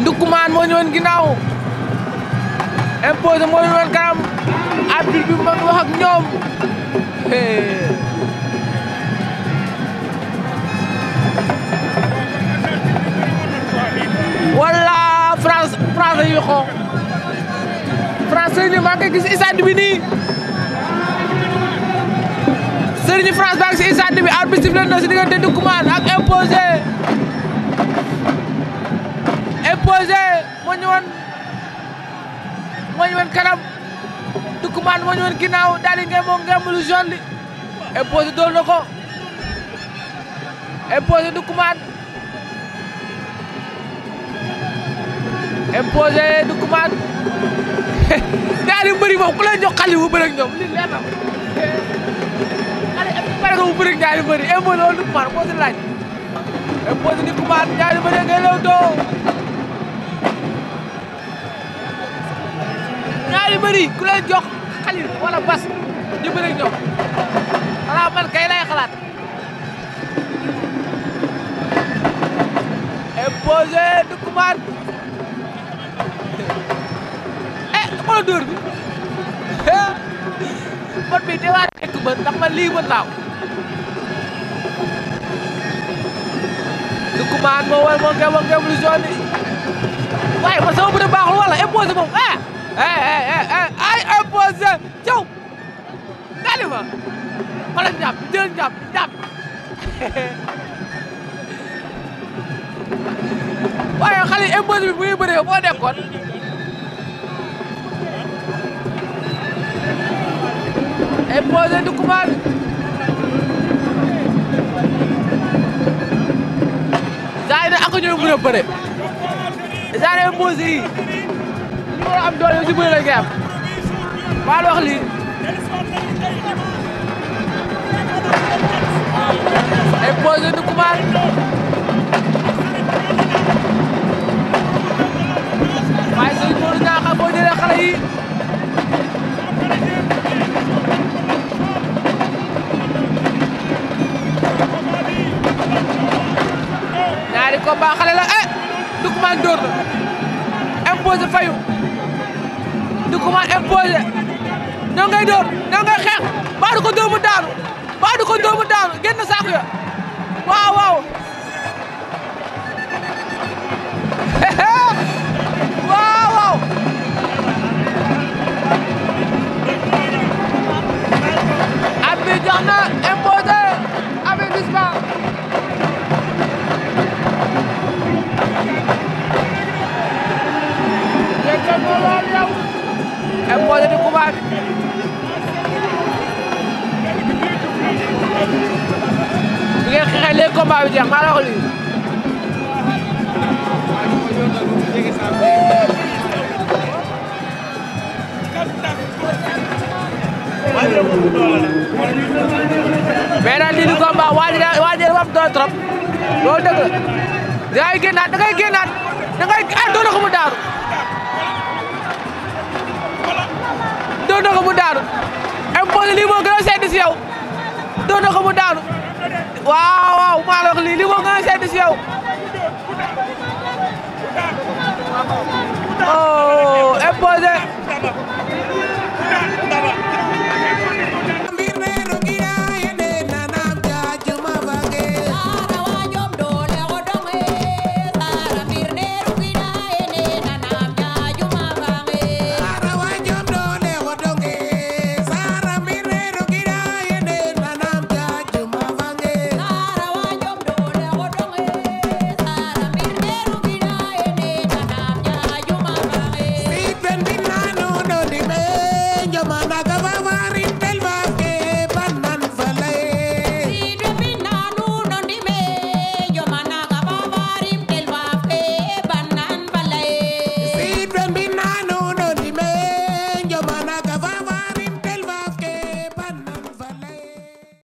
Ndoukoumane moo ñëwoon ginnaaw imposé moo ñëwoon kanam arbitre bi ma ngi wax ñoom wala France français yi xoox français yi ni maa ngi gis isaan bi nii Serigne France baa ngi si stade bi arbitre sifflé na si diggante ak Imposé Imposé moo ñëwoon moo ñëwoon kanam Ndoukoumane moo ñëwoon ginnaaw daal di ngeen moom ngeen lu jaune li Imposé dool na ko Imposé Ndoukoumane moom ku lay jox xale bu ñoom ko mu bëri ñaari mbëri impôt la wala Ndoukoumane moo si laaj impôt si Ndoukoumane ñaari mbëri ngay lewtoo ñaari mbëri ku leen jox xalil wala bas ñu bëri ñoom xanaa man kay lay xalaat. imposé Ndoukoumane eh xool dóor bi man mii damaa nekk mbër ndax man lii mën naa ko Ndoukoumane moo war moo ngeem moo ngeem lu jaune yi waaye man sama bëre baaxul wala imposé moom ah ah ah ay imposé caw Kalima xoolal jàpp jël jàpp jàpp waaye xale yi imposé bi bu ñuy bëree boo nekkoon. imposé Ndoukoumane. dañoo mën a bëre genre mbuus yi ñu war a am doole yow si bëre lañ koy am maa la wax lii combat xale la eh Ndoukoumane dóor na imposé fayu Ndoukoumane imposé ñoo ngay dóor xeex baadu ko dóomu daanu baadu ko daanu génn saako ya combat bi jeex maa la wax lii. mais daal lii trop loolu dëgg la da ngay génnaat da ngay génnaat da ngay ah doon na mu daaru. doon na mu daaru imposé lii moo gën a sedd si yow doon na mu daaru waaw. maa la wax lii li moom nga service yow. Oh.